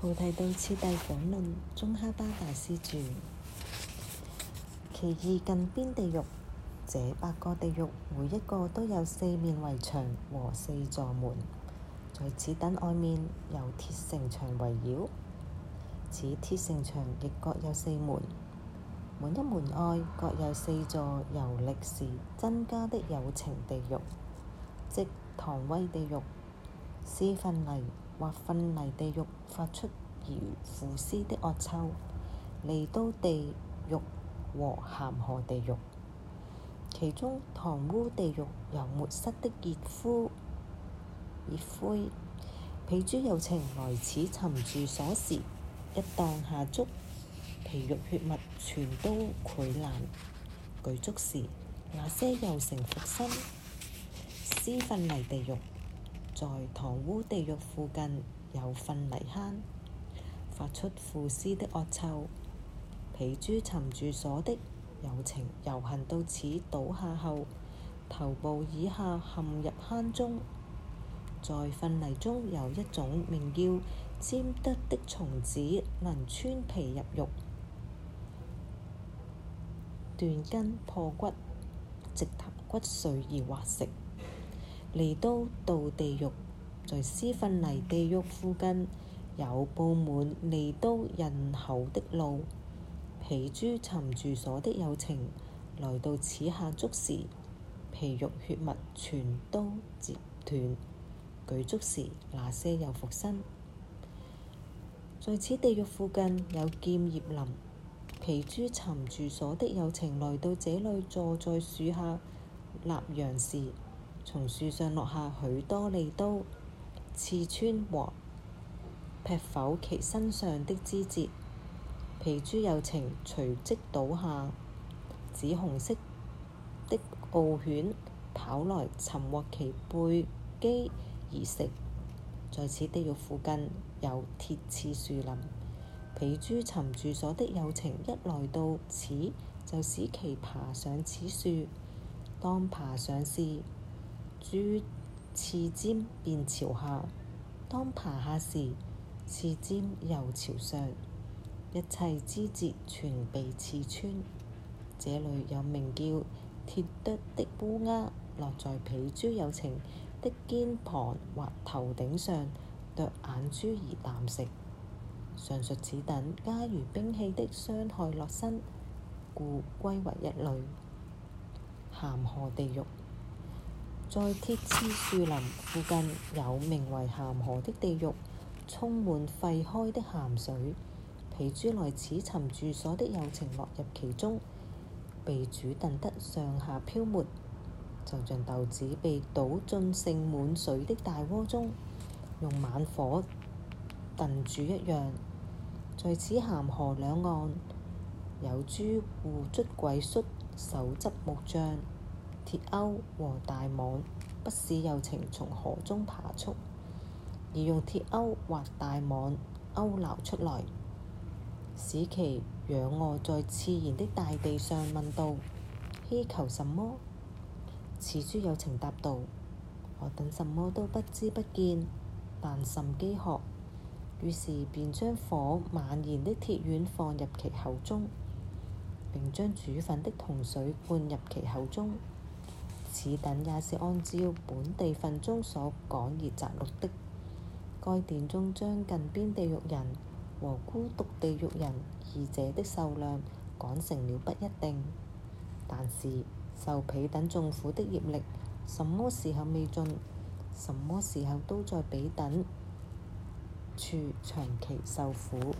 菩提道次第講論，宗喀巴大師住其二近邊地獄，這八個地獄，每一個都有四面圍牆和四座門，在此等外面由鐵城牆圍繞，此鐵城牆亦各有四門，每一門外各有四座由歷史增加的友情地獄，即唐威地獄，斯芬尼。或糞泥地獄發出如腐屍的惡臭。利刀地獄和鹹河地獄，其中煻煨地獄由沒膝的熱灰熱灰。彼諸有情來此尋住所時，一當下足，皮肉血脈全都潰爛，舉足時那些有情復生，屍糞泥地獄。在塘污地獄附近有糞泥坑，發出腐屍的惡臭。皮豬沉住所的友情遊行到此倒下後，頭部以下陷入坑中。在糞泥中有一種名叫尖得的蟲子，能穿皮入肉，斷筋破骨，直達骨髓而挖食。利刀道地獄，在斯芬尼地獄附近有布滿利刀刃口的路。皮珠沉住所的友情，來到此下足時，皮肉血脈全都截斷。舉足時，那些又復生。在此地獄附近有劍葉林，皮珠沉住所的友情，來到這裏坐在樹下納陽時。從樹上落下許多利刀，刺穿和劈否其身上的枝節。皮豬有情隨即倒下，紫紅色的獒犬跑來尋獲其背肌而食。在此地獄附近有鐵刺樹林，皮豬尋住所的友情一來到此，就使其爬上此樹。當爬上時，諸刺尖便朝下，當爬下時，刺尖又朝上，一切肢節全被刺穿。這裡有名叫鐵啄的烏鴉，落在被諸有情的肩膀或頭頂上啄眼珠而啖食。上述此等皆如兵器的傷害落身，故歸為一類。鹹河地獄。在鐵枝樹林附近，有名為鹹河的地獄，充滿沸開的鹹水。皮珠來此尋住所的友情，落入其中，被煮燉得上下漂沫，就像豆子被倒進盛，盛滿水的大鍋中，用猛火燉煮一樣。在此鹹河兩岸，有諸護燴鬼卒，手執木杖。鐵鈎和大網不使有情從河中爬出，而用鐵鈎或大網勾撈出來，使其仰卧在自然的大地上。問道：希求什麼？此諸有情答道：我等什麼都不知不見，但甚饑渴。」於是便將火蔓延的鐵丸放入其口中，並將煮沸的銅水灌入其口中。此等也是按照本地分中所講而摘錄的。該段中將近邊地獄人和孤獨地獄人二者的壽量講成了不一定，但是受彼等眾苦的業力，什麼時候未盡，什麼時候都在彼等處長期受苦。